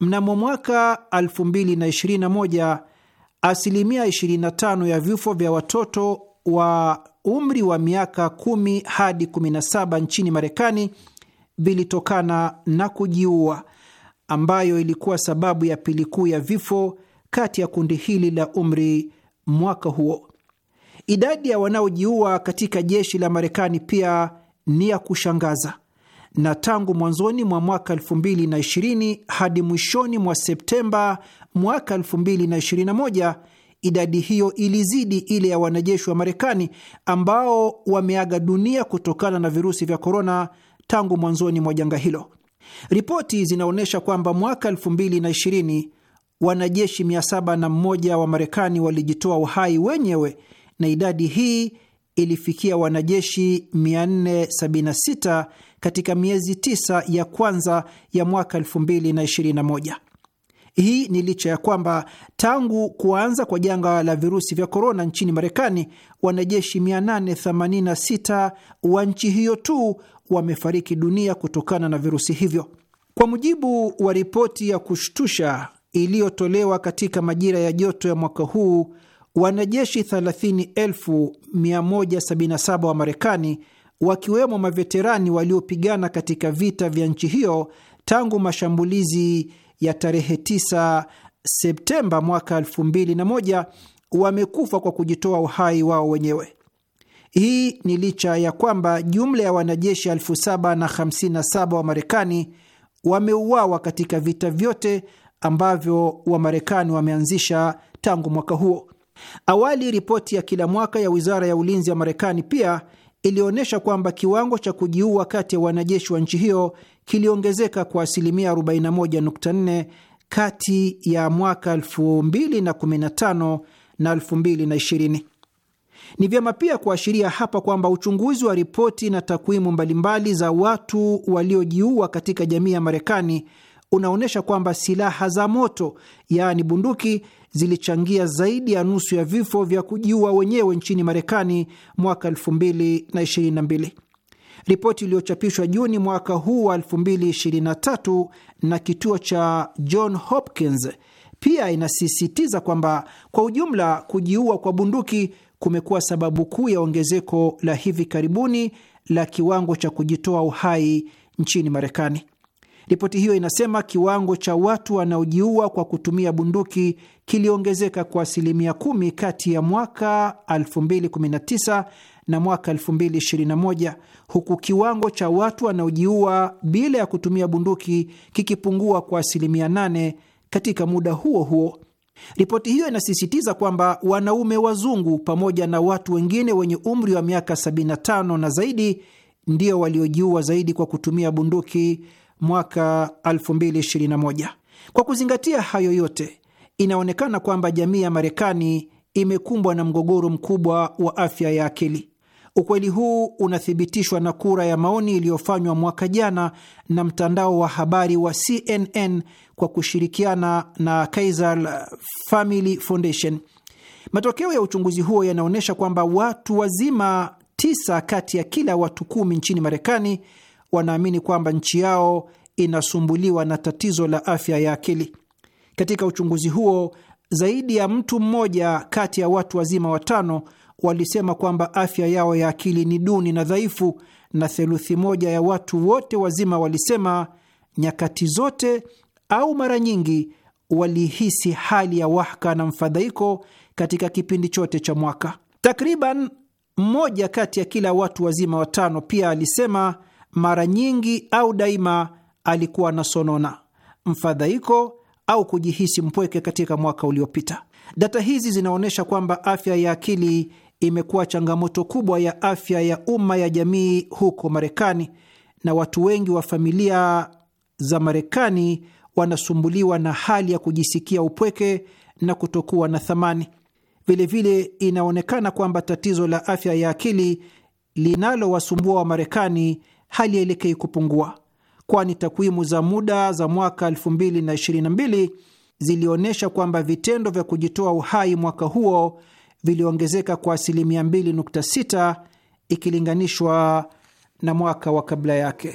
mnamo mwaka 2021 asilimia 25 ya vifo vya watoto wa umri wa miaka 10 hadi 17 nchini Marekani vilitokana na kujiua, ambayo ilikuwa sababu ya pili kuu ya vifo kati ya kundi hili la umri mwaka huo. Idadi ya wanaojiua katika jeshi la Marekani pia ni ya kushangaza, na tangu mwanzoni mwa mwaka 2020 hadi mwishoni mwa Septemba mwaka 2021 idadi hiyo ilizidi ile ya wanajeshi wa Marekani ambao wameaga dunia kutokana na virusi vya korona tangu mwanzoni mwa janga hilo. Ripoti zinaonyesha kwamba mwaka 2020 wanajeshi 701 wa Marekani walijitoa uhai wenyewe na idadi hii ilifikia wanajeshi 476 katika miezi tisa ya kwanza ya mwaka 2021. Hii ni licha ya kwamba tangu kuanza kwa janga la virusi vya korona nchini Marekani, wanajeshi 886 wa nchi hiyo tu wamefariki dunia kutokana na virusi hivyo, kwa mujibu wa ripoti ya kushtusha iliyotolewa katika majira ya joto ya mwaka huu Wanajeshi 30,177 wa Marekani wakiwemo maveterani waliopigana katika vita vya nchi hiyo tangu mashambulizi ya tarehe 9 Septemba mwaka 2001 wamekufa kwa kujitoa uhai wao wenyewe. Hii ni licha ya kwamba jumla ya wanajeshi 757 wa Marekani wameuawa katika vita vyote ambavyo Wamarekani wameanzisha tangu mwaka huo. Awali ripoti ya kila mwaka ya wizara ya ulinzi ya Marekani pia ilionyesha kwamba kiwango cha kujiua kati ya wanajeshi wa nchi hiyo kiliongezeka kwa asilimia 41.4 kati ya mwaka 2015 na 2020. Ni vyema pia kuashiria hapa kwamba uchunguzi wa ripoti na takwimu mbalimbali za watu waliojiua katika jamii ya Marekani unaonyesha kwamba silaha za moto, yaani bunduki, zilichangia zaidi ya nusu ya vifo vya kujiua wenyewe nchini Marekani mwaka 2022. Ripoti iliyochapishwa Juni mwaka huu wa 2023 na kituo cha John Hopkins pia inasisitiza kwamba kwa ujumla kujiua kwa bunduki kumekuwa sababu kuu ya ongezeko la hivi karibuni la kiwango cha kujitoa uhai nchini Marekani. Ripoti hiyo inasema kiwango cha watu wanaojiua kwa kutumia bunduki kiliongezeka kwa asilimia kumi kati ya mwaka 2019 na mwaka 2021 huku kiwango cha watu wanaojiua bila ya kutumia bunduki kikipungua kwa asilimia nane katika muda huo huo. Ripoti hiyo inasisitiza kwamba wanaume wazungu pamoja na watu wengine wenye umri wa miaka 75 na zaidi ndio waliojiua zaidi kwa kutumia bunduki mwaka 2021. Kwa kuzingatia hayo yote, inaonekana kwamba jamii ya Marekani imekumbwa na mgogoro mkubwa wa afya ya akili. Ukweli huu unathibitishwa na kura ya maoni iliyofanywa mwaka jana na mtandao wa habari wa CNN kwa kushirikiana na Kaiser Family Foundation. Matokeo ya uchunguzi huo yanaonyesha kwamba watu wazima tisa kati ya kila watu kumi nchini Marekani wanaamini kwamba nchi yao inasumbuliwa na tatizo la afya ya akili. Katika uchunguzi huo, zaidi ya mtu mmoja kati ya watu wazima watano walisema kwamba afya yao ya akili ni duni na dhaifu, na theluthi moja ya watu wote wazima walisema nyakati zote au mara nyingi walihisi hali ya wahaka na mfadhaiko katika kipindi chote cha mwaka. Takriban mmoja kati ya kila watu wazima watano pia alisema mara nyingi au daima alikuwa anasonona, mfadhaiko au kujihisi mpweke katika mwaka uliopita. Data hizi zinaonyesha kwamba afya ya akili imekuwa changamoto kubwa ya afya ya umma ya jamii huko Marekani, na watu wengi wa familia za Marekani wanasumbuliwa na hali ya kujisikia upweke na kutokuwa na thamani. Vilevile inaonekana kwamba tatizo la afya ya akili linalowasumbua marekani hali yaelekei kupungua, kwani takwimu za muda za mwaka 2022 zilionyesha kwamba vitendo vya kujitoa uhai mwaka huo viliongezeka kwa asilimia 2.6 ikilinganishwa na mwaka wa kabla yake.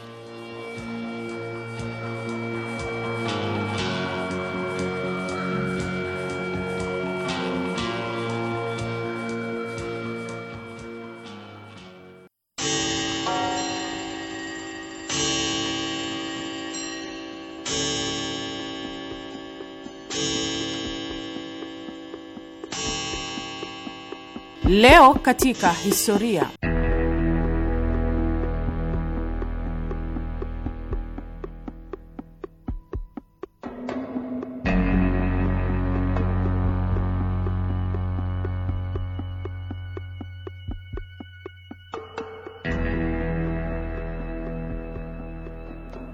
Leo katika historia.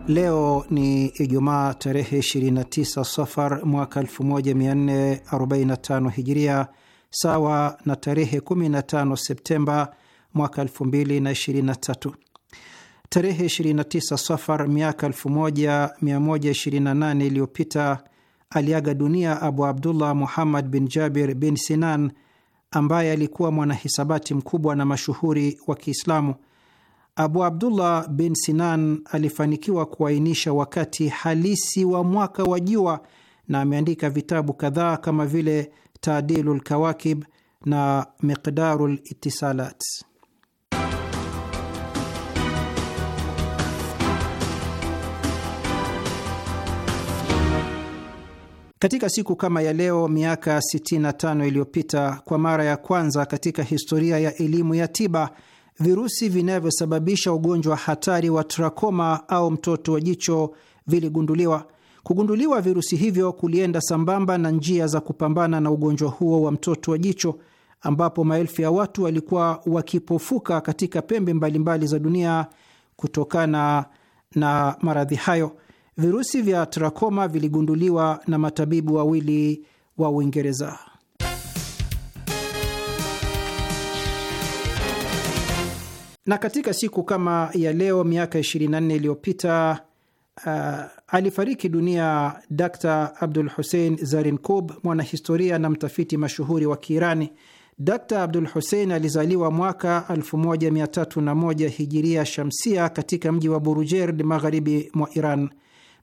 Leo ni Ijumaa tarehe 29 Safar mwaka 1445 Hijiria, sawa na tarehe 15 Septemba mwaka 2023. Tarehe 29 Safar miaka 1128 iliyopita aliaga dunia Abu Abdullah Muhammad bin Jabir bin Sinan ambaye alikuwa mwanahisabati mkubwa na mashuhuri wa Kiislamu. Abu Abdullah bin Sinan alifanikiwa kuainisha wakati halisi wa mwaka wa jua na ameandika vitabu kadhaa kama vile Taadilu lkawakib na Miqdaru litisalat. Katika siku kama ya leo miaka 65 iliyopita, kwa mara ya kwanza katika historia ya elimu ya tiba, virusi vinavyosababisha ugonjwa hatari wa trakoma au mtoto wa jicho viligunduliwa. Kugunduliwa virusi hivyo kulienda sambamba na njia za kupambana na ugonjwa huo wa mtoto wa jicho, ambapo maelfu ya watu walikuwa wakipofuka katika pembe mbalimbali za dunia kutokana na maradhi hayo. Virusi vya trakoma viligunduliwa na matabibu wawili wa Uingereza. Na katika siku kama ya leo miaka 24 iliyopita Uh, alifariki dunia Dr. Abdul Hussein Zarinkub, mwanahistoria na mtafiti mashuhuri wa Kiirani. Dr. Abdul Hussein alizaliwa mwaka 1301 hijiria shamsia katika mji wa Burujerd, magharibi mwa Iran.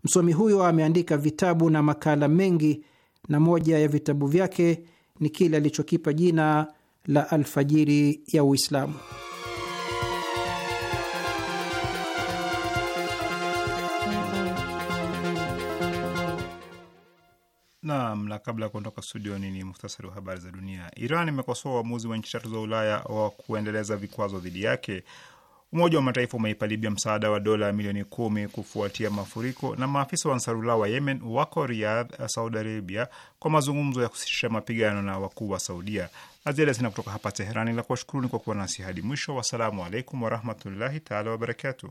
Msomi huyo ameandika vitabu na makala mengi, na moja ya vitabu vyake ni kile alichokipa jina la Alfajiri ya Uislamu. Naam, na kabla ya kuondoka studioni ni muhtasari wa habari za dunia. Iran imekosoa uamuzi wa nchi tatu za Ulaya wa kuendeleza vikwazo dhidi yake. Umoja wa Mataifa umeipa Libya msaada wa dola milioni kumi kufuatia mafuriko, na maafisa wa Ansarullah wa Yemen wako Riyadh, Saudi Arabia, kwa mazungumzo ya kusitisha mapigano na wakuu wa Saudia. La ziada sina kutoka hapa Teherani, la kuwashukuruni kwa kuwa nasi hadi mwisho. Wassalamu alaikum warahmatullahi taala wabarakatuh.